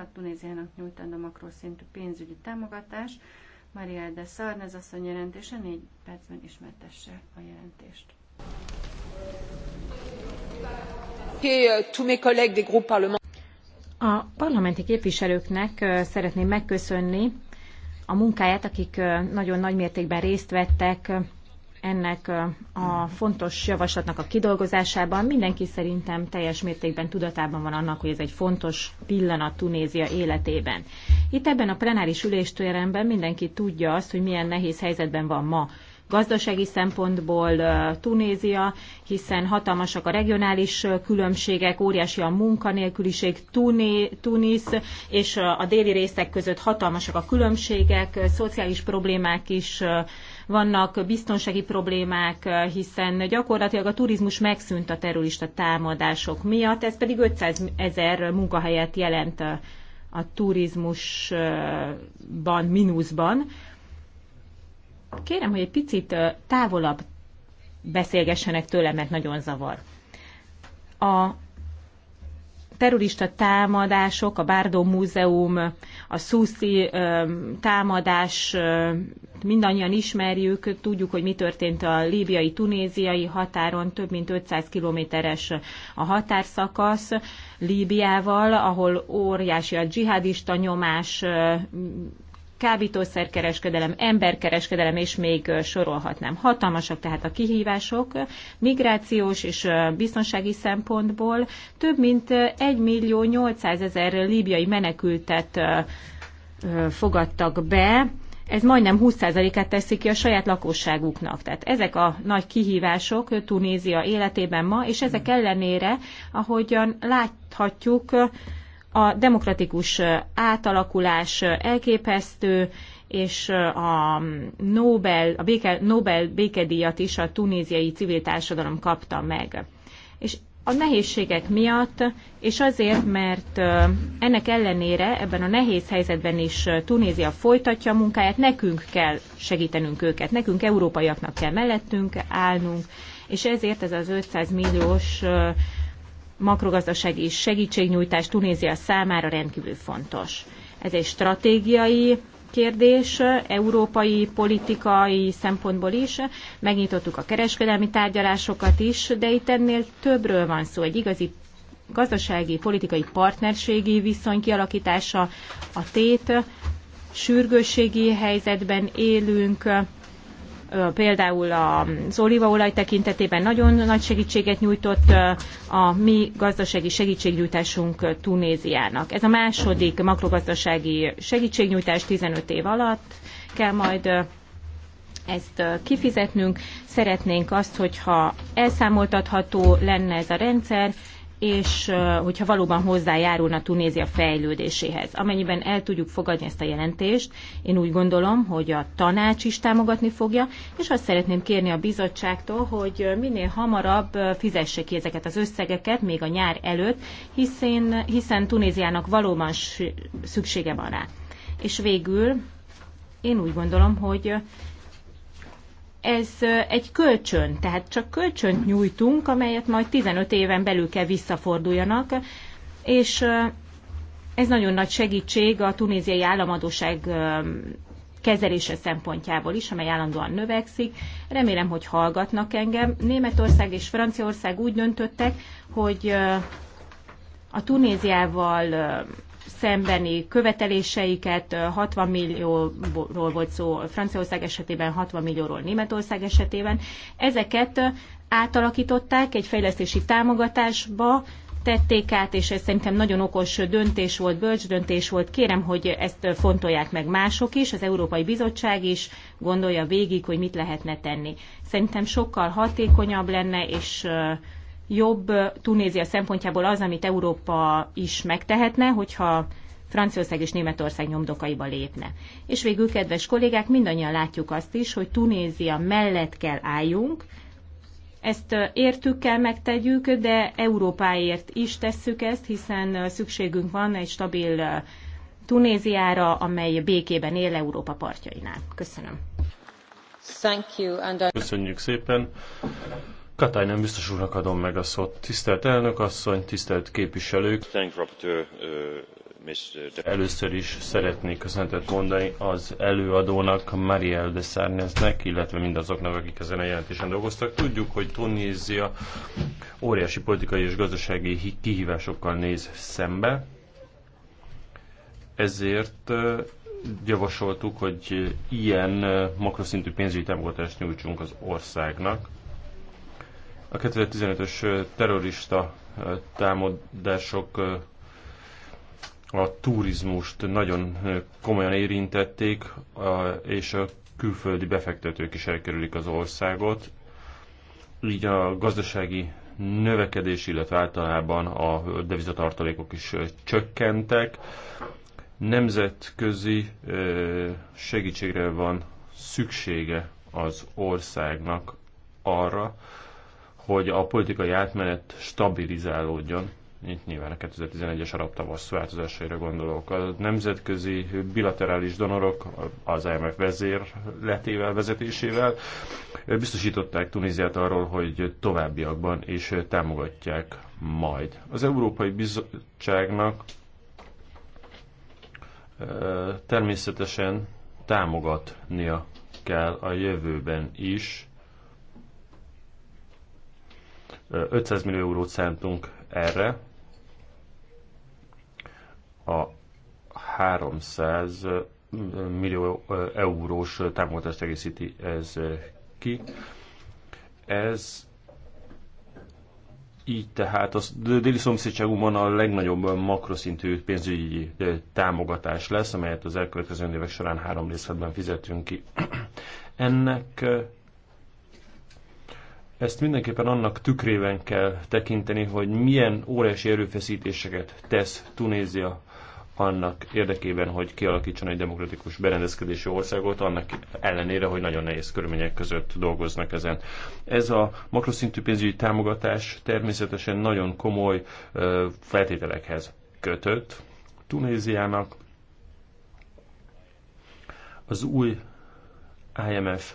a Tunéziának nyújtandó makroszintű pénzügyi támogatás. Maria de Sarnez asszony jelentése, négy percben ismertesse a jelentést. Euh, a parlamenti képviselőknek euh, szeretném megköszönni a munkáját, akik euh, nagyon nagy mértékben részt vettek ennek a fontos javaslatnak a kidolgozásában. Mindenki szerintem teljes mértékben tudatában van annak, hogy ez egy fontos pillanat Tunézia életében. Itt ebben a plenáris ülésteremben mindenki tudja azt, hogy milyen nehéz helyzetben van ma gazdasági szempontból Tunézia, hiszen hatalmasak a regionális különbségek, óriási a munkanélküliség Tuné, Tunis, és a déli részek között hatalmasak a különbségek, szociális problémák is vannak biztonsági problémák, hiszen gyakorlatilag a turizmus megszűnt a terrorista támadások miatt, ez pedig 500 ezer munkahelyet jelent a turizmusban, mínuszban. Kérem, hogy egy picit távolabb beszélgessenek tőlem, mert nagyon zavar. A terrorista támadások, a Bárdó Múzeum, a Szuszi támadás, mindannyian ismerjük, tudjuk, hogy mi történt a líbiai-tunéziai határon, több mint 500 kilométeres a határszakasz Líbiával, ahol óriási a dzsihadista nyomás kábítószerkereskedelem, emberkereskedelem, és még sorolhatnám. Hatalmasak tehát a kihívások migrációs és biztonsági szempontból. Több mint 1 millió 800 ezer líbiai menekültet fogadtak be, ez majdnem 20%-át teszi ki a saját lakosságuknak. Tehát ezek a nagy kihívások Tunézia életében ma, és ezek ellenére, ahogyan láthatjuk, a demokratikus átalakulás elképesztő, és a Nobel, a béke, Nobel békedíjat is a tunéziai civil társadalom kapta meg. És a nehézségek miatt, és azért, mert ennek ellenére ebben a nehéz helyzetben is Tunézia folytatja a munkáját, nekünk kell segítenünk őket, nekünk európaiaknak kell mellettünk állnunk, és ezért ez az 500 milliós makrogazdasági segítségnyújtás Tunézia számára rendkívül fontos. Ez egy stratégiai kérdés, európai politikai szempontból is. Megnyitottuk a kereskedelmi tárgyalásokat is, de itt ennél többről van szó. Egy igazi gazdasági, politikai partnerségi viszony kialakítása a tét, sürgősségi helyzetben élünk, például az olívaolaj tekintetében nagyon nagy segítséget nyújtott a mi gazdasági segítségnyújtásunk Tunéziának. Ez a második makrogazdasági segítségnyújtás 15 év alatt kell majd ezt kifizetnünk. Szeretnénk azt, hogyha elszámoltatható lenne ez a rendszer, és hogyha valóban hozzájárulna Tunézia fejlődéséhez. Amennyiben el tudjuk fogadni ezt a jelentést, én úgy gondolom, hogy a tanács is támogatni fogja, és azt szeretném kérni a bizottságtól, hogy minél hamarabb fizessék ki ezeket az összegeket, még a nyár előtt, hiszen, hiszen Tunéziának valóban szüksége van rá. És végül én úgy gondolom, hogy ez egy kölcsön, tehát csak kölcsönt nyújtunk, amelyet majd 15 éven belül kell visszaforduljanak, és ez nagyon nagy segítség a tunéziai államadóság kezelése szempontjából is, amely állandóan növekszik. Remélem, hogy hallgatnak engem. Németország és Franciaország úgy döntöttek, hogy a Tunéziával szembeni követeléseiket, 60 millióról volt szó Franciaország esetében, 60 millióról Németország esetében. Ezeket átalakították egy fejlesztési támogatásba, tették át, és ez szerintem nagyon okos döntés volt, bölcs döntés volt. Kérem, hogy ezt fontolják meg mások is, az Európai Bizottság is gondolja végig, hogy mit lehetne tenni. Szerintem sokkal hatékonyabb lenne, és jobb Tunézia szempontjából az, amit Európa is megtehetne, hogyha Franciaország és Németország nyomdokaiba lépne. És végül, kedves kollégák, mindannyian látjuk azt is, hogy Tunézia mellett kell álljunk, ezt értükkel megtegyük, de Európáért is tesszük ezt, hiszen szükségünk van egy stabil Tunéziára, amely békében él Európa partjainál. Köszönöm. Thank you, and I... Köszönjük szépen. Katály nem biztos úrnak adom meg a szót. Tisztelt elnök asszony, tisztelt képviselők! Uh, Először is szeretnék köszöntet mondani az előadónak, Marielle de Sarneznek, illetve mindazoknak, akik ezen a jelentésen dolgoztak. Tudjuk, hogy Tunézia óriási politikai és gazdasági kihívásokkal néz szembe, ezért uh, javasoltuk, hogy ilyen uh, makroszintű pénzügyi támogatást nyújtsunk az országnak a 2015-ös terrorista támadások a turizmust nagyon komolyan érintették, és a külföldi befektetők is elkerülik az országot. Így a gazdasági növekedés, illetve általában a devizatartalékok is csökkentek. Nemzetközi segítségre van szüksége az országnak arra, hogy a politikai átmenet stabilizálódjon. Itt nyilván a 2011-es arab tavasz változásaira gondolok. A nemzetközi bilaterális donorok az IMF vezérletével, vezetésével biztosították Tunéziát arról, hogy továbbiakban is támogatják majd. Az Európai Bizottságnak természetesen támogatnia kell a jövőben is 500 millió eurót szántunk erre. A 300 millió eurós támogatást egészíti ez ki. Ez így tehát a déli szomszédságunkban a legnagyobb makroszintű pénzügyi támogatás lesz, amelyet az elkövetkező évek során három részletben fizetünk ki. Ennek ezt mindenképpen annak tükrében kell tekinteni, hogy milyen óriási erőfeszítéseket tesz Tunézia annak érdekében, hogy kialakítson egy demokratikus berendezkedési országot, annak ellenére, hogy nagyon nehéz körülmények között dolgoznak ezen. Ez a makroszintű pénzügyi támogatás természetesen nagyon komoly feltételekhez kötött Tunéziának. Az új IMF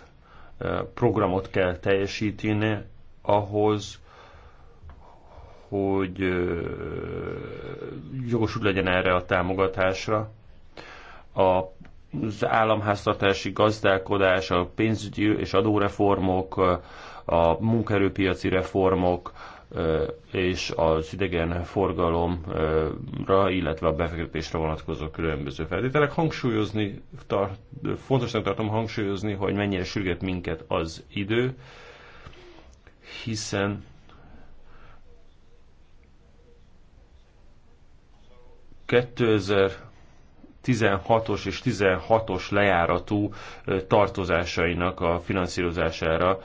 programot kell teljesíteni ahhoz, hogy jogosult legyen erre a támogatásra. A az államháztartási gazdálkodás, a pénzügyi és adóreformok, a munkaerőpiaci reformok, és az idegen forgalomra, illetve a befektetésre vonatkozó különböző feltételek. Hangsúlyozni, tart, fontosnak tartom hangsúlyozni, hogy mennyire sürget minket az idő, hiszen 16-os és 16-os lejáratú tartozásainak a finanszírozására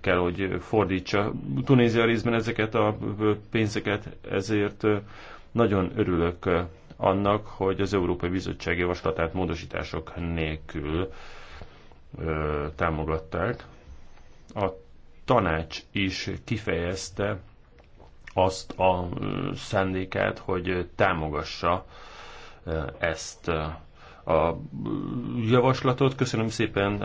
kell, hogy fordítsa. Tunézia részben ezeket a pénzeket, ezért nagyon örülök annak, hogy az Európai Bizottság javaslatát módosítások nélkül támogatták. A tanács is kifejezte azt a szándékát, hogy támogassa ezt a javaslatot. Köszönöm szépen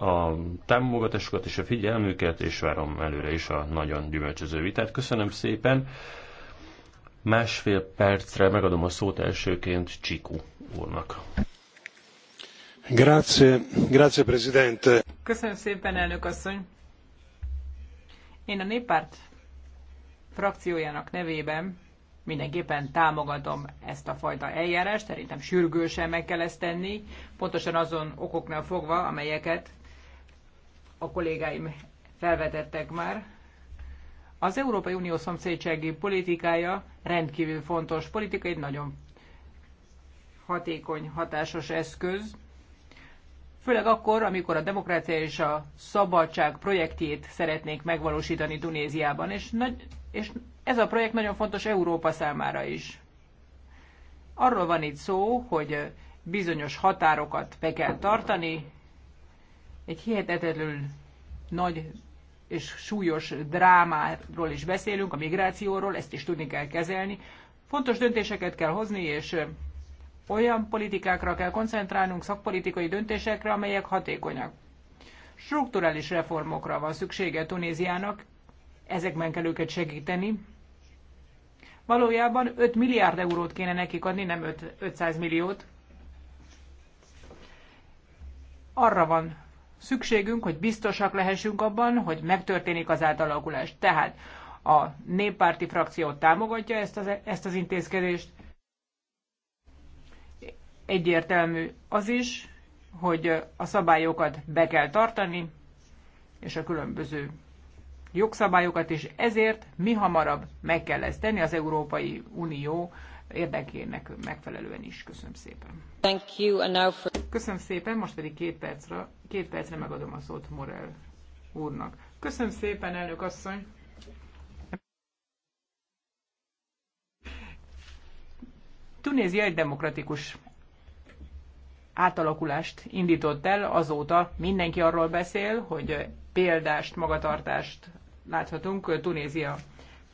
a támogatásukat és a figyelmüket, és várom előre is a nagyon gyümölcsöző vitát. Köszönöm szépen. Másfél percre megadom a szót elsőként Csikú úrnak. Grazie, grazie presidente. Köszönöm szépen, elnök asszony. Én a néppárt frakciójának nevében mindenképpen támogatom ezt a fajta eljárást, szerintem sürgősen meg kell ezt tenni, pontosan azon okoknál fogva, amelyeket a kollégáim felvetettek már. Az Európai Unió szomszédsági politikája rendkívül fontos politika, egy nagyon hatékony, hatásos eszköz, főleg akkor, amikor a demokrácia és a szabadság projektjét szeretnék megvalósítani Tunéziában, és nagy, és ez a projekt nagyon fontos Európa számára is. Arról van itt szó, hogy bizonyos határokat be kell tartani, egy hihetetlenül nagy és súlyos drámáról is beszélünk, a migrációról, ezt is tudni kell kezelni. Fontos döntéseket kell hozni, és olyan politikákra kell koncentrálnunk, szakpolitikai döntésekre, amelyek hatékonyak. Strukturális reformokra van szüksége Tunéziának, ezekben kell őket segíteni. Valójában 5 milliárd eurót kéne nekik adni, nem 5, 500 milliót. Arra van szükségünk, hogy biztosak lehessünk abban, hogy megtörténik az átalakulás. Tehát a néppárti frakció támogatja ezt az, ezt az intézkedést. Egyértelmű az is, hogy a szabályokat be kell tartani, és a különböző jogszabályokat, és ezért mi hamarabb meg kell ezt tenni az Európai Unió érdekének megfelelően is. Köszönöm szépen. Thank you, and now for... Köszönöm szépen, most pedig két percre, két percre megadom a szót Morel úrnak. Köszönöm szépen, elnök asszony. Tunézia egy demokratikus átalakulást indított el, azóta mindenki arról beszél, hogy példást, magatartást láthatunk Tunézia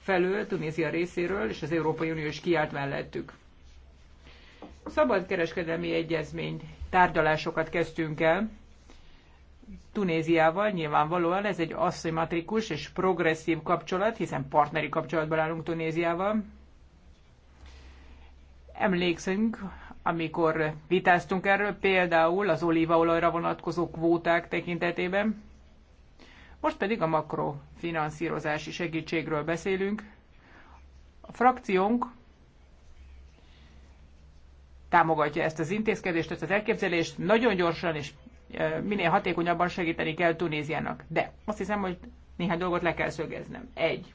felől, Tunézia részéről, és az Európai Unió is kiállt mellettük. Szabad kereskedelmi egyezmény tárgyalásokat kezdtünk el Tunéziával, nyilvánvalóan ez egy asszimatrikus és progresszív kapcsolat, hiszen partneri kapcsolatban állunk Tunéziával. Emlékszünk, amikor vitáztunk erről, például az olívaolajra vonatkozó kvóták tekintetében, most pedig a makrofinanszírozási segítségről beszélünk. A frakciónk támogatja ezt az intézkedést, ezt az elképzelést, nagyon gyorsan és e, minél hatékonyabban segíteni kell Tunéziának. De azt hiszem, hogy néhány dolgot le kell szögeznem. Egy.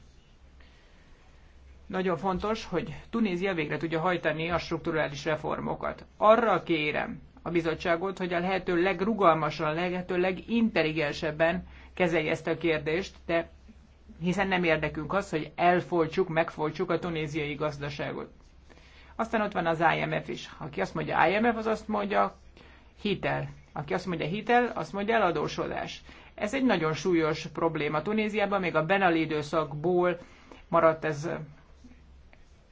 Nagyon fontos, hogy Tunézia végre tudja hajtani a strukturális reformokat. Arra kérem a bizottságot, hogy a lehető legrugalmasan, lehető legintelligensebben kezelje ezt a kérdést, de hiszen nem érdekünk az, hogy elfolcsuk, megfolcsuk a tunéziai gazdaságot. Aztán ott van az IMF is. Aki azt mondja IMF, az azt mondja hitel. Aki azt mondja hitel, azt mondja eladósodás. Ez egy nagyon súlyos probléma. Tunéziában még a Benali időszakból maradt ez,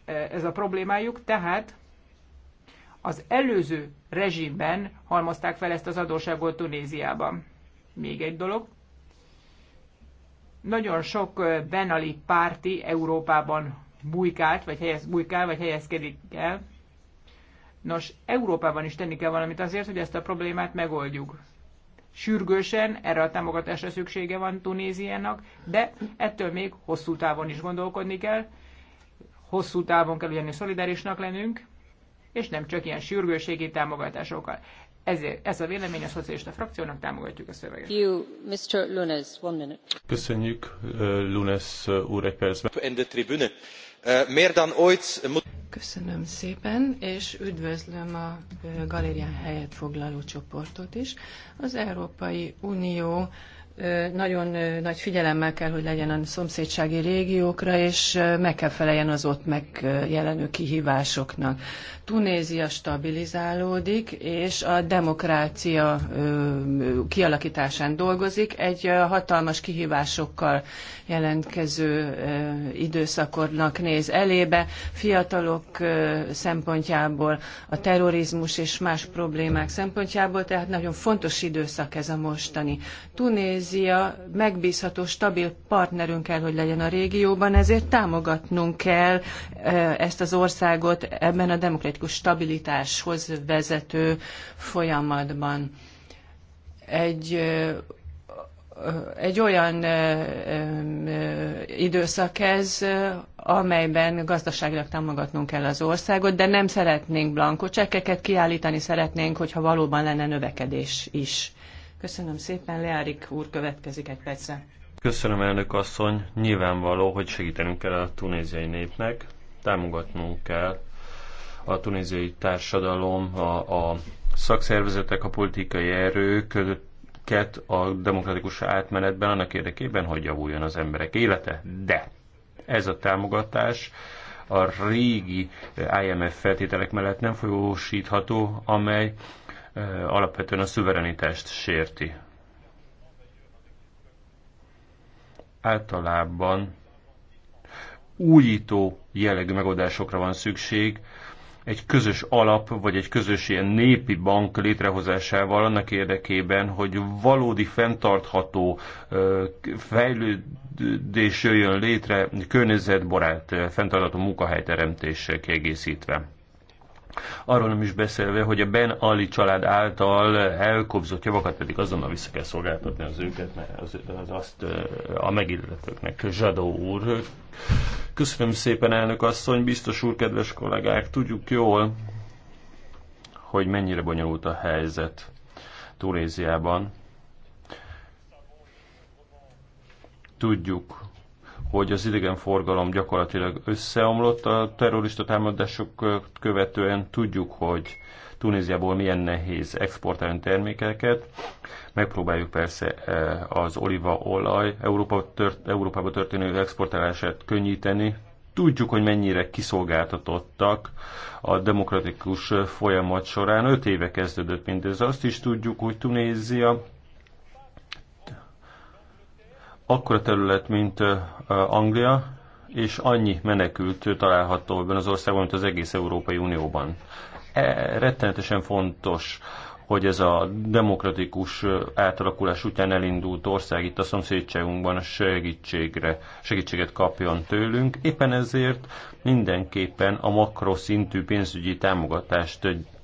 ez a problémájuk, tehát az előző rezsimben halmozták fel ezt az adóságot Tunéziában. Még egy dolog, nagyon sok Benali párti Európában bujkált, vagy helyez, bujkál, vagy helyezkedik el. Nos, Európában is tenni kell valamit azért, hogy ezt a problémát megoldjuk. Sürgősen erre a támogatásra szüksége van Tunéziának, de ettől még hosszú távon is gondolkodni kell. Hosszú távon kell ugyanis szolidárisnak lennünk, és nem csak ilyen sürgőségi támogatásokkal ezért ez a vélemény a szocialista frakciónak, támogatjuk a szöveget. You, Mr. Lunes, one minute. Köszönjük, Lunes úr, egy percben. tribüne. Köszönöm szépen, és üdvözlöm a galérián helyet foglaló csoportot is. Az Európai Unió nagyon nagy figyelemmel kell, hogy legyen a szomszédsági régiókra, és meg kell feleljen az ott megjelenő kihívásoknak. Tunézia stabilizálódik, és a demokrácia kialakításán dolgozik. Egy hatalmas kihívásokkal jelentkező időszakornak néz elébe. Fiatalok szempontjából, a terrorizmus és más problémák szempontjából, tehát nagyon fontos időszak ez a mostani. Tunézia Tunézia megbízható, stabil partnerünk kell, hogy legyen a régióban, ezért támogatnunk kell ezt az országot ebben a demokratikus stabilitáshoz vezető folyamatban. Egy egy olyan időszak ez, amelyben gazdaságilag támogatnunk kell az országot, de nem szeretnénk blankó csekkeket kiállítani, szeretnénk, hogyha valóban lenne növekedés is. Köszönöm szépen, Leárik úr következik egy percre. Köszönöm, elnök asszony. Nyilvánvaló, hogy segítenünk kell a tunéziai népnek, támogatnunk kell a tunéziai társadalom, a, a szakszervezetek, a politikai erőket a demokratikus átmenetben annak érdekében, hogy javuljon az emberek élete. De ez a támogatás a régi IMF feltételek mellett nem folyósítható, amely alapvetően a szuverenitást sérti. Általában újító jellegű megoldásokra van szükség, egy közös alap, vagy egy közös ilyen népi bank létrehozásával annak érdekében, hogy valódi fenntartható fejlődés jöjjön létre, környezetbarát, fenntartható munkahelyteremtéssel kiegészítve. Arról nem is beszélve, hogy a Ben Ali család által elkobzott javakat pedig azonnal vissza kell szolgáltatni az őket, mert az, az azt a megilletőknek. Zsadó úr, köszönöm szépen elnök asszony, biztos úr, kedves kollégák, tudjuk jól, hogy mennyire bonyolult a helyzet Turéziában. Tudjuk, hogy az idegenforgalom gyakorlatilag összeomlott a terrorista támadásokat követően. Tudjuk, hogy Tunéziából milyen nehéz exportálni termékeket. Megpróbáljuk persze eh, az olívaolaj Európa tört, Európába történő exportálását könnyíteni. Tudjuk, hogy mennyire kiszolgáltatottak a demokratikus folyamat során. Öt éve kezdődött mindez. Azt is tudjuk, hogy Tunézia akkora terület, mint Anglia, és annyi menekült található ebben az országban, mint az egész Európai Unióban. E, rettenetesen fontos, hogy ez a demokratikus átalakulás után elindult ország itt a szomszédságunkban segítségre, segítséget kapjon tőlünk. Éppen ezért mindenképpen a makroszintű pénzügyi támogatást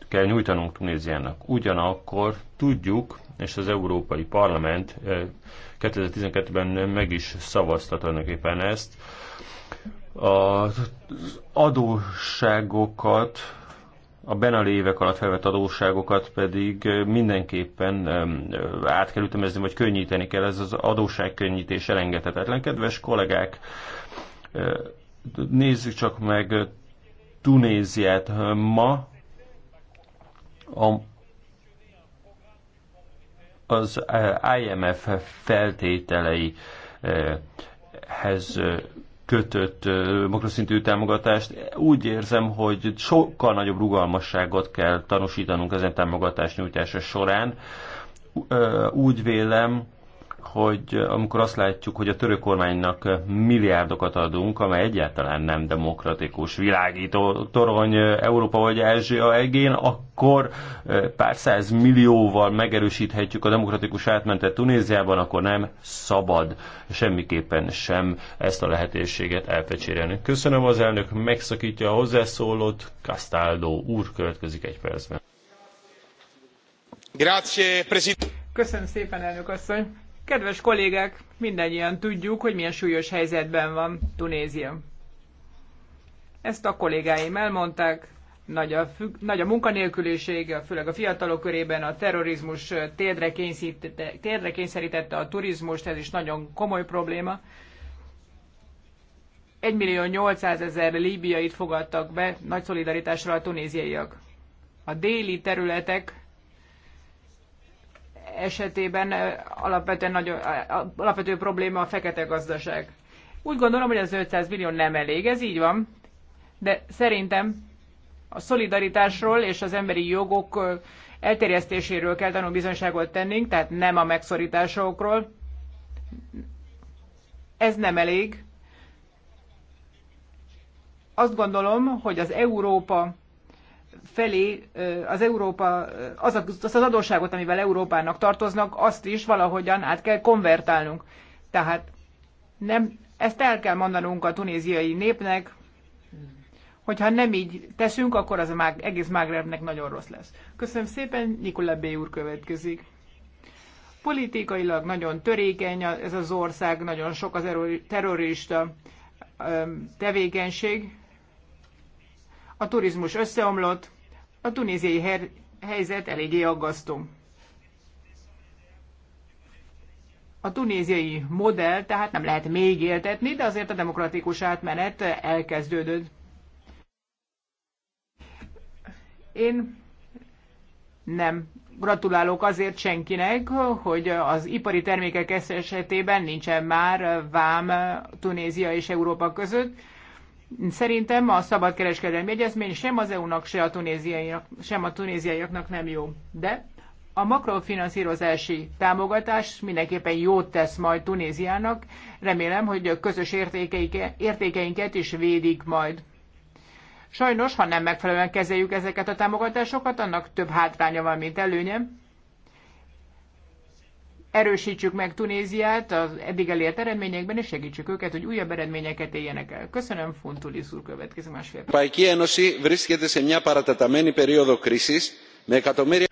kell nyújtanunk Tunéziának. Ugyanakkor tudjuk, és az Európai Parlament 2012-ben meg is szavazta tulajdonképpen ezt. Az adósságokat, a lévek alatt felvett adósságokat pedig mindenképpen át kell ütemezni, vagy könnyíteni kell. Ez az adósságkönnyítés elengedhetetlen. Kedves kollégák, eh, nézzük csak meg Tunéziát ma, a az eh, IMF feltételeihez eh, eh, kötött makroszintű támogatást. Úgy érzem, hogy sokkal nagyobb rugalmasságot kell tanúsítanunk ezen támogatás nyújtása során. Úgy vélem, hogy amikor azt látjuk, hogy a török kormánynak milliárdokat adunk, amely egyáltalán nem demokratikus világító torony Európa vagy Ázsia egén, akkor pár száz millióval megerősíthetjük a demokratikus átmentet Tunéziában, akkor nem szabad semmiképpen sem ezt a lehetőséget elfecsérelni. Köszönöm az elnök, megszakítja a hozzászólót, Castaldo úr következik egy percben. Grazie, Köszönöm szépen, elnök asszony! Kedves kollégák, mindannyian tudjuk, hogy milyen súlyos helyzetben van Tunézia. Ezt a kollégáim elmondták, nagy a, függ, nagy a munkanélküliség, főleg a fiatalok körében a terrorizmus térdre, térdre kényszerítette a turizmust, ez is nagyon komoly probléma. 1 millió 800 ezer líbiait fogadtak be, nagy szolidaritásra a tunéziaiak. A déli területek esetében alapvetően nagyon, alapvető probléma a fekete gazdaság. Úgy gondolom, hogy az 500 millió nem elég, ez így van, de szerintem a szolidaritásról és az emberi jogok elterjesztéséről kell bizonyságot tennünk, tehát nem a megszorításokról. Ez nem elég. Azt gondolom, hogy az Európa felé az Európa, az, az, az adósságot, amivel Európának tartoznak, azt is valahogyan át kell konvertálnunk. Tehát nem, ezt el kell mondanunk a tunéziai népnek, hogyha nem így teszünk, akkor az a mág, egész Mágrebnek nagyon rossz lesz. Köszönöm szépen, Nikola B. úr következik. Politikailag nagyon törékeny ez az ország, nagyon sok az terrorista tevékenység, a turizmus összeomlott, a tunéziai helyzet eléggé aggasztó. A tunéziai modell tehát nem lehet még éltetni, de azért a demokratikus átmenet elkezdődött. Én nem gratulálok azért senkinek, hogy az ipari termékek esetében nincsen már vám Tunézia és Európa között. Szerintem a szabadkereskedelmi egyezmény sem az EU-nak, se a tunéziaiak, sem a tunéziaiaknak nem jó. De a makrofinanszírozási támogatás mindenképpen jót tesz majd Tunéziának. Remélem, hogy a közös értékeinket is védik majd. Sajnos, ha nem megfelelően kezeljük ezeket a támogatásokat, annak több hátránya van, mint előnye erősítsük meg Tunéziát az eddig elért eredményekben, és segítsük őket, hogy újabb eredményeket éljenek el. Köszönöm, Funtulis úr, következő másfél. Pajki Enosi βρίσκεται σε μια παρατεταμένη περίοδο κρίσης με εκατομμύρια...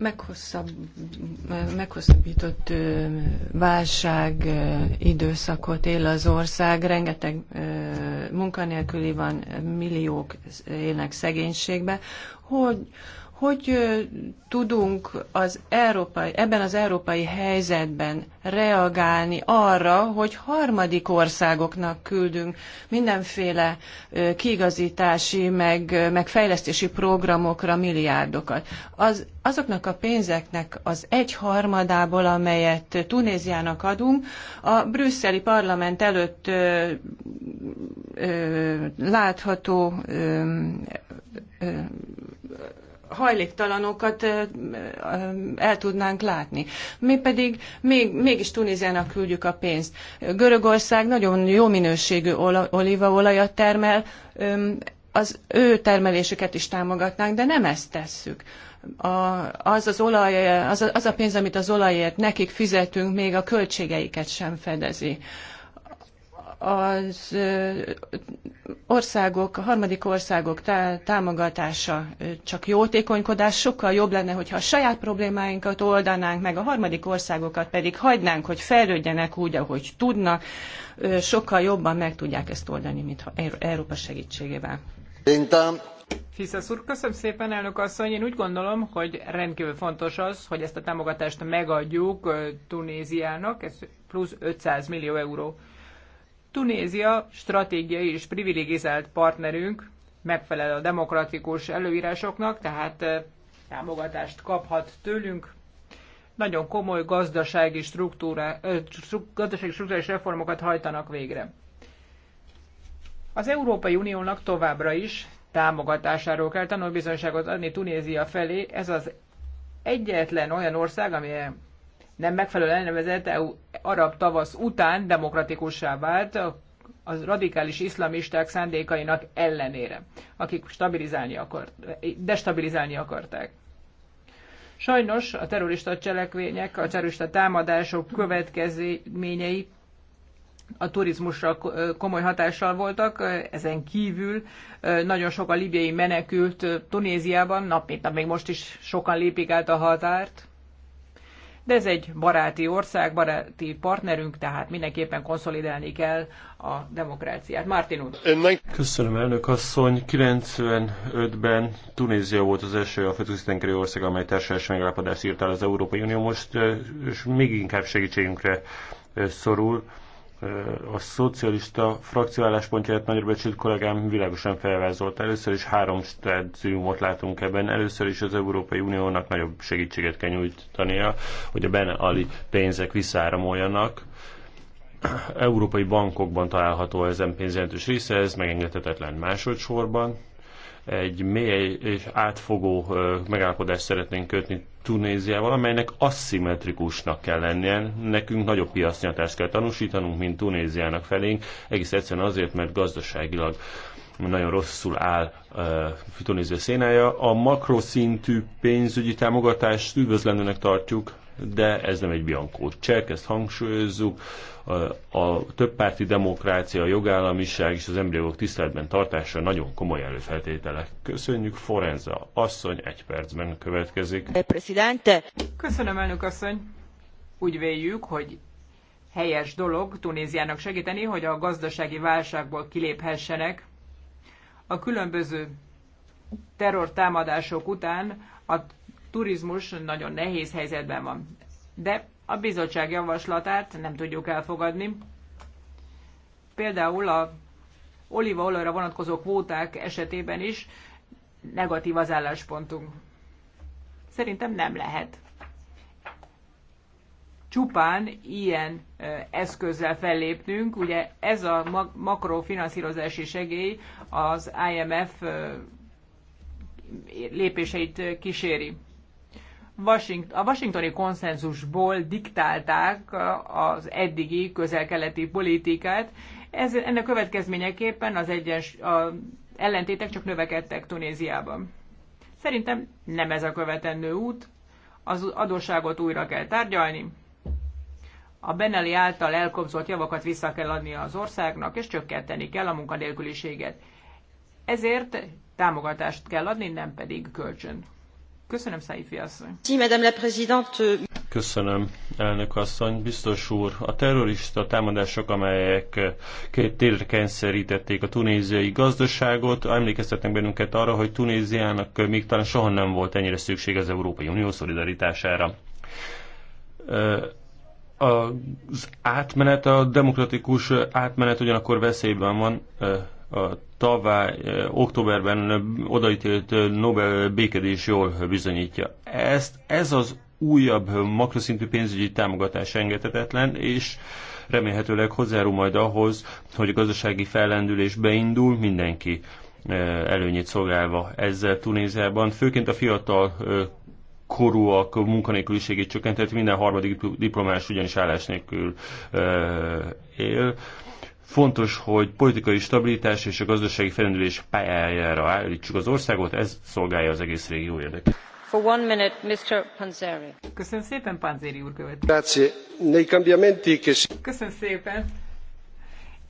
Meghosszabb, meghosszabbított válság időszakot él az ország, rengeteg munkanélküli van, milliók élnek szegénységbe. Hogy, hogy tudunk az európai, ebben az európai helyzetben reagálni arra, hogy harmadik országoknak küldünk mindenféle kiigazítási, meg, meg fejlesztési programokra milliárdokat. Az, azoknak a pénzeknek az egyharmadából, amelyet Tunéziának adunk, a brüsszeli parlament előtt ö, ö, látható ö, hajléktalanokat el tudnánk látni. Mi pedig még, mégis Tunéziának küldjük a pénzt. Görögország nagyon jó minőségű olívaolajat termel, az ő termeléseket is támogatnánk, de nem ezt tesszük. A, az, az, olaj, az, az a pénz, amit az olajért nekik fizetünk, még a költségeiket sem fedezi az országok, a harmadik országok támogatása csak jótékonykodás, sokkal jobb lenne, hogyha a saját problémáinkat oldanánk meg, a harmadik országokat pedig hagynánk, hogy fejlődjenek úgy, ahogy tudnak, sokkal jobban meg tudják ezt oldani, mint Európa segítségével. Fiszesz úr, köszönöm szépen, elnök asszony. Én úgy gondolom, hogy rendkívül fontos az, hogy ezt a támogatást megadjuk Tunéziának, ez plusz 500 millió euró. Tunézia stratégiai és privilegizált partnerünk, megfelel a demokratikus előírásoknak, tehát eh, támogatást kaphat tőlünk. Nagyon komoly gazdasági, struktúra, eh, gazdasági és reformokat hajtanak végre. Az Európai Uniónak továbbra is támogatásáról kell tanulbizonyságot adni Tunézia felé. Ez az egyetlen olyan ország, amely nem megfelelően elnevezett EU arab tavasz után demokratikussá vált a radikális iszlamisták szándékainak ellenére, akik stabilizálni akart, destabilizálni akarták. Sajnos a terrorista cselekvények, a terrorista támadások következményei a turizmusra komoly hatással voltak, ezen kívül nagyon sok a libiai menekült Tunéziában, nap mint nap még most is sokan lépik át a határt, de ez egy baráti ország, baráti partnerünk, tehát mindenképpen konszolidálni kell a demokráciát. Martin úr. Köszönöm, elnök asszony. 95-ben Tunézia volt az első a ország, amely társadalmi megállapodást írt el az Európai Unió most, és még inkább segítségünkre szorul a szocialista frakció álláspontját nagyobb becsült kollégám világosan felvázolta. Először is három stádiumot látunk ebben. Először is az Európai Uniónak nagyobb segítséget kell nyújtania, hogy a Ben Ali pénzek visszáramoljanak. Európai bankokban található ezen pénzjelentős része, ez megengedhetetlen másodszorban egy mély és átfogó megállapodást szeretnénk kötni Tunéziával, amelynek asszimetrikusnak kell lennie. Nekünk nagyobb piasznyatást kell tanúsítanunk, mint Tunéziának felénk, egész egyszerűen azért, mert gazdaságilag nagyon rosszul áll uh, Tunézia szénája. A makroszintű pénzügyi támogatást üdvözlendőnek tartjuk, de ez nem egy biankó csekk, ezt hangsúlyozzuk. A, a többpárti demokrácia, a jogállamiság és az emberi jogok tiszteletben tartása nagyon komoly előfeltételek. Köszönjük, Forenza asszony, egy percben következik. Eh, presidente. Köszönöm, elnök asszony. Úgy véljük, hogy helyes dolog Tunéziának segíteni, hogy a gazdasági válságból kiléphessenek. A különböző terrortámadások után a turizmus nagyon nehéz helyzetben van. De a bizottság javaslatát nem tudjuk elfogadni. Például a olívaolajra vonatkozó kvóták esetében is negatív az álláspontunk. Szerintem nem lehet csupán ilyen eszközzel fellépnünk. Ugye ez a makrofinanszírozási segély az IMF lépéseit kíséri a washingtoni konszenzusból diktálták az eddigi közel-keleti politikát. Ez, ennek következményeképpen az egyes a ellentétek csak növekedtek Tunéziában. Szerintem nem ez a követendő út, az adósságot újra kell tárgyalni, a Benelli által elkobzott javakat vissza kell adni az országnak, és csökkenteni kell a munkanélküliséget. Ezért támogatást kell adni, nem pedig kölcsön. Köszönöm, Száifi asszony. Köszönöm, elnök asszony. Biztos úr, a terrorista támadások, amelyek két térre kényszerítették a tunéziai gazdaságot, emlékeztetnek bennünket arra, hogy Tunéziának még talán soha nem volt ennyire szükség az Európai Unió szolidaritására. Az átmenet, a demokratikus átmenet ugyanakkor veszélyben van, a tavaly októberben odaítélt Nobel békedés jól bizonyítja. Ezt ez az újabb makroszintű pénzügyi támogatás engedhetetlen, és remélhetőleg hozzárul majd ahhoz, hogy a gazdasági fellendülés beindul mindenki előnyét szolgálva ezzel Tunéziában. Főként a fiatal korúak munkanélküliségét csökkentett, minden harmadik diplomás ugyanis állás nélkül él. Fontos, hogy politikai stabilitás és a gazdasági felendülés pályájára állítsuk az országot, ez szolgálja az egész régió érdekét. For one minute, Mr. Panzeri. Köszönöm szépen, Panzeri úr követ. Grazie. Nei cambiamenti che... Köszönöm szépen.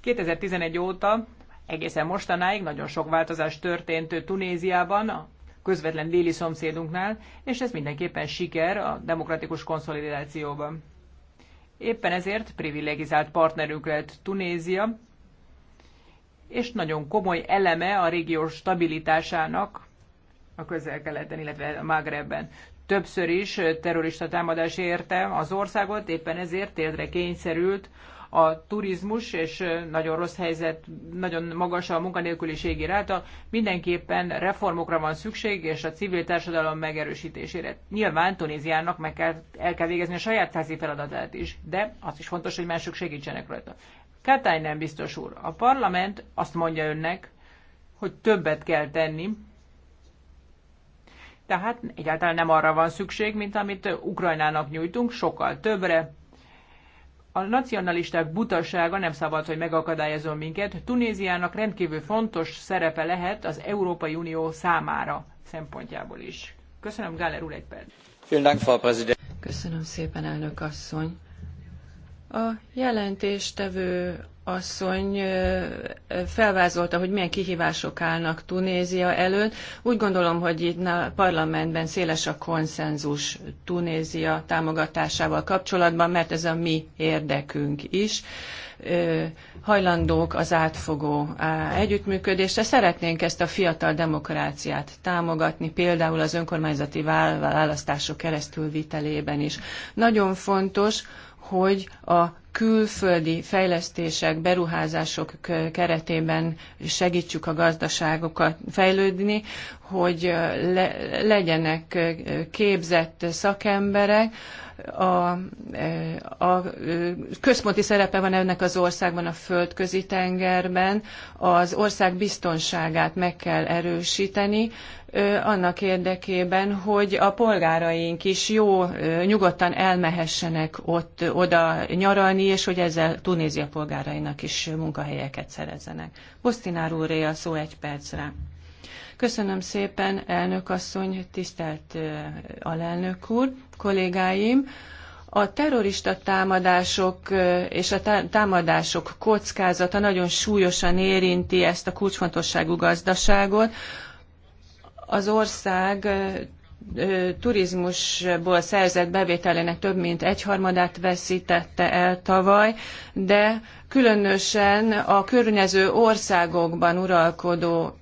2011 óta egészen mostanáig nagyon sok változás történt Tunéziában, a közvetlen déli szomszédunknál, és ez mindenképpen siker a demokratikus konszolidációban. Éppen ezért privilegizált partnerünk lett Tunézia, és nagyon komoly eleme a régió stabilitásának a közel-keleten, illetve a Magrebben. Többször is terrorista támadás érte az országot, éppen ezért térdre kényszerült a turizmus, és nagyon rossz helyzet, nagyon magas a munkanélküliség ráta, Mindenképpen reformokra van szükség, és a civil társadalom megerősítésére. Nyilván Tunéziának meg kell, el kell végezni a saját házi feladatát is, de az is fontos, hogy mások segítsenek rajta. Katály nem biztos úr. A parlament azt mondja önnek, hogy többet kell tenni, tehát egyáltalán nem arra van szükség, mint amit Ukrajnának nyújtunk, sokkal többre. A nacionalisták butasága nem szabad, hogy megakadályozom minket. Tunéziának rendkívül fontos szerepe lehet az Európai Unió számára szempontjából is. Köszönöm, Gáler úr, egy perc. Köszönöm szépen, elnök asszony. A jelentéstevő asszony felvázolta, hogy milyen kihívások állnak Tunézia előtt. Úgy gondolom, hogy itt a parlamentben széles a konszenzus Tunézia támogatásával kapcsolatban, mert ez a mi érdekünk is hajlandók az átfogó együttműködésre. Szeretnénk ezt a fiatal demokráciát támogatni, például az önkormányzati választások vitelében is. Nagyon fontos, hogy a külföldi fejlesztések, beruházások keretében segítsük a gazdaságokat fejlődni, hogy le, legyenek képzett szakemberek. A, a központi szerepe van ennek az országban a földközi tengerben. Az ország biztonságát meg kell erősíteni annak érdekében, hogy a polgáraink is jó, nyugodtan elmehessenek ott oda nyaralni, és hogy ezzel Tunézia polgárainak is munkahelyeket szerezzenek. Bosztinár úré a szó egy percre. Köszönöm szépen, elnök asszony, tisztelt alelnök úr, kollégáim. A terrorista támadások és a támadások kockázata nagyon súlyosan érinti ezt a kulcsfontosságú gazdaságot. Az ország turizmusból szerzett bevételének több mint egyharmadát veszítette el tavaly, de különösen a környező országokban uralkodó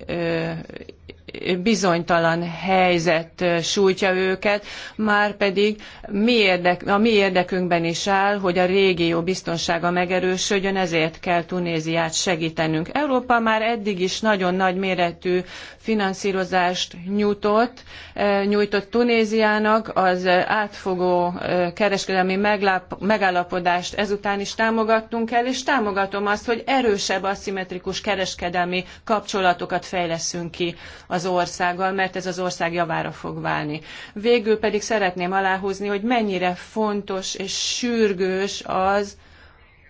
bizonytalan helyzet sújtja őket, már pedig mi érdek, a mi érdekünkben is áll, hogy a régió biztonsága megerősödjön, ezért kell Tunéziát segítenünk. Európa már eddig is nagyon nagy méretű finanszírozást nyújtott, nyújtott Tunéziának, az átfogó kereskedelmi megállapodást ezután is támogattunk el, és támogatom azt, hogy erősebb aszimmetrikus kereskedelmi kapcsolatokat fejleszünk ki az az országgal, mert ez az ország javára fog válni. Végül pedig szeretném aláhúzni, hogy mennyire fontos és sürgős az,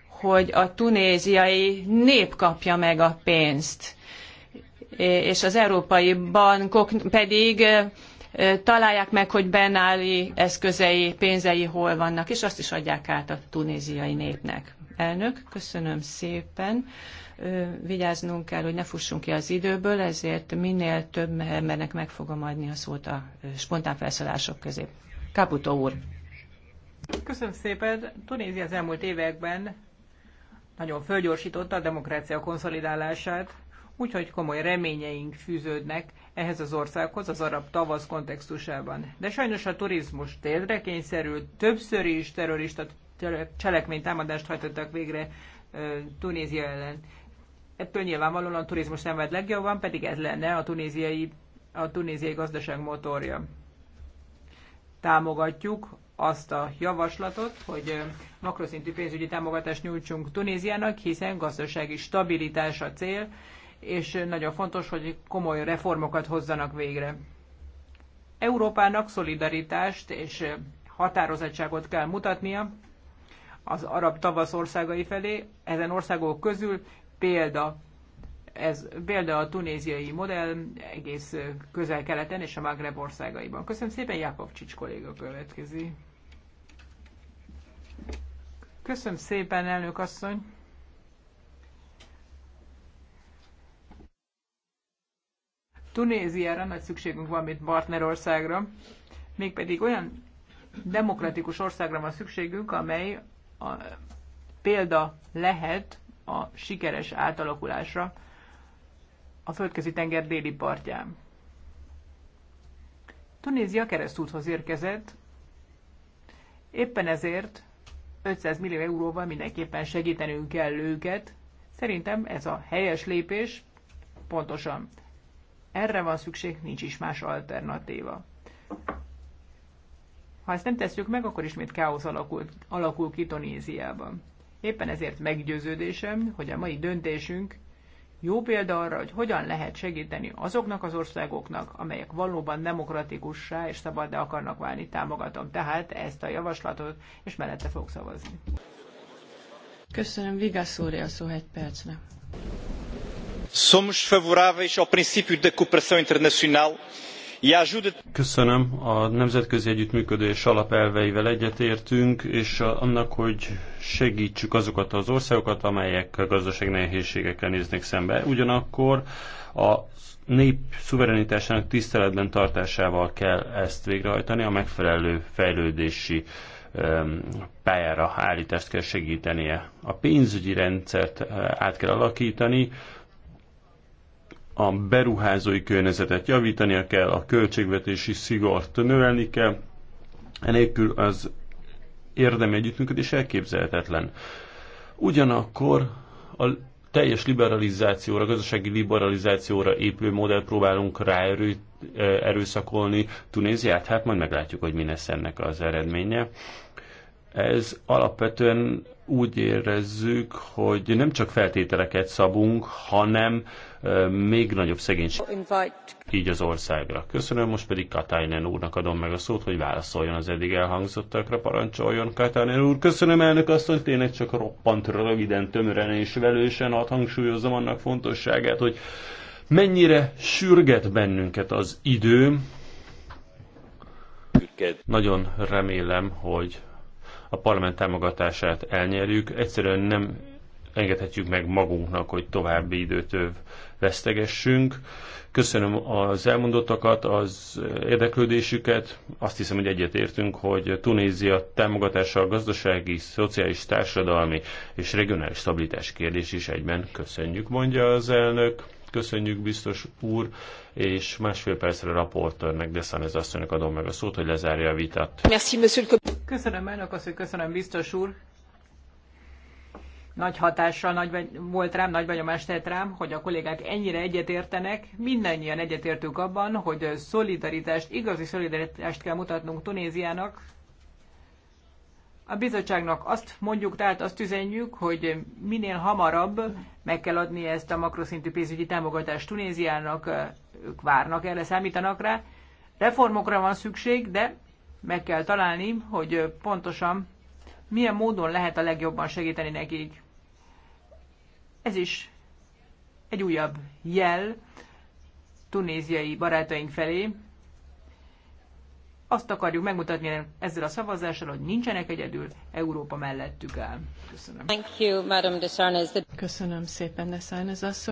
hogy a tunéziai nép kapja meg a pénzt, és az európai bankok pedig találják meg, hogy Ben Ali eszközei, pénzei hol vannak, és azt is adják át a tunéziai népnek. Elnök, köszönöm szépen vigyáznunk kell, hogy ne fussunk ki az időből, ezért minél több embernek meg fogom adni a szót a spontán felszólások közé. Caputo úr! Köszönöm szépen! Tunézia az elmúlt években nagyon fölgyorsította a demokrácia konszolidálását, úgyhogy komoly reményeink fűződnek ehhez az országhoz az arab tavasz kontextusában. De sajnos a turizmus térdre kényszerült, többször is terrorista cselekménytámadást hajtottak végre Tunézia ellen. Ettől nyilvánvalóan a turizmus nem vett legjobban, pedig ez lenne a tunéziai, a tunéziai gazdaság motorja. Támogatjuk azt a javaslatot, hogy makroszintű pénzügyi támogatást nyújtsunk Tunéziának, hiszen gazdasági stabilitás a cél, és nagyon fontos, hogy komoly reformokat hozzanak végre. Európának szolidaritást és határozottságot kell mutatnia az arab tavasz országai felé, ezen országok közül példa, ez példa a tunéziai modell egész közel-keleten és a Magreb országaiban. Köszönöm szépen, Jakovcsics kolléga következő. Köszönöm szépen, elnök asszony. Tunéziára nagy szükségünk van, mint partnerországra, mégpedig olyan demokratikus országra van szükségünk, amely a példa lehet a sikeres átalakulásra a földközi tenger déli partján. Tunézia keresztúthoz érkezett, éppen ezért 500 millió euróval mindenképpen segítenünk kell őket. Szerintem ez a helyes lépés, pontosan erre van szükség, nincs is más alternatíva. Ha ezt nem tesszük meg, akkor ismét káosz alakul, alakul ki Tunéziában. Éppen ezért meggyőződésem, hogy a mai döntésünk jó példa arra, hogy hogyan lehet segíteni azoknak az országoknak, amelyek valóban demokratikussá és szabaddá akarnak válni. Támogatom tehát ezt a javaslatot, és mellette fog szavazni. Köszönöm, Vigasz úr, a szó egy percre. Somos favoráveis ao princípio da cooperação internacional Köszönöm, a nemzetközi együttműködés alapelveivel egyetértünk, és annak, hogy segítsük azokat az országokat, amelyek gazdaság nehézségekkel néznek szembe. Ugyanakkor a nép szuverenitásának tiszteletben tartásával kell ezt végrehajtani, a megfelelő fejlődési pályára állítást kell segítenie. A pénzügyi rendszert át kell alakítani, a beruházói környezetet javítania kell, a költségvetési szigort növelni kell, enélkül az érdemi együttműködés elképzelhetetlen. Ugyanakkor a teljes liberalizációra, gazdasági liberalizációra épülő modell próbálunk ráerő, erőszakolni Tunéziát, hát majd meglátjuk, hogy mi lesz ennek az eredménye. Ez alapvetően úgy érezzük, hogy nem csak feltételeket szabunk, hanem még nagyobb szegénység így az országra. Köszönöm, most pedig Katainen úrnak adom meg a szót, hogy válaszoljon az eddig elhangzottakra, parancsoljon Katainen úr. Köszönöm elnök azt, hogy tényleg csak roppant röviden, tömören és velősen ad hangsúlyozom annak fontosságát, hogy mennyire sürget bennünket az idő. Nagyon remélem, hogy a parlament támogatását elnyerjük. Egyszerűen nem engedhetjük meg magunknak, hogy további időt vesztegessünk. Köszönöm az elmondottakat, az érdeklődésüket. Azt hiszem, hogy egyetértünk, hogy Tunézia támogatása a gazdasági, szociális, társadalmi és regionális stabilitás kérdés is egyben. Köszönjük, mondja az elnök. Köszönjük, biztos úr, és másfél percre a raportőrnek, de ez asszonynak adom meg a szót, hogy lezárja a vitát. Merci, monsieur Köszönöm elnök azt, hogy köszönöm biztos úr. Nagy hatással nagy, volt rám, nagy benyomást tett rám, hogy a kollégák ennyire egyetértenek. mindannyian egyetértünk abban, hogy szolidaritást, igazi szolidaritást kell mutatnunk Tunéziának. A bizottságnak azt mondjuk, tehát azt üzenjük, hogy minél hamarabb meg kell adni ezt a makroszintű pénzügyi támogatást Tunéziának, ők várnak erre, számítanak rá. Reformokra van szükség, de meg kell találni, hogy pontosan milyen módon lehet a legjobban segíteni nekik. Ez is egy újabb jel tunéziai barátaink felé. Azt akarjuk megmutatni ezzel a szavazással, hogy nincsenek egyedül, Európa mellettük áll. Köszönöm. Thank you, Madam Köszönöm szépen, Desarnes asszony.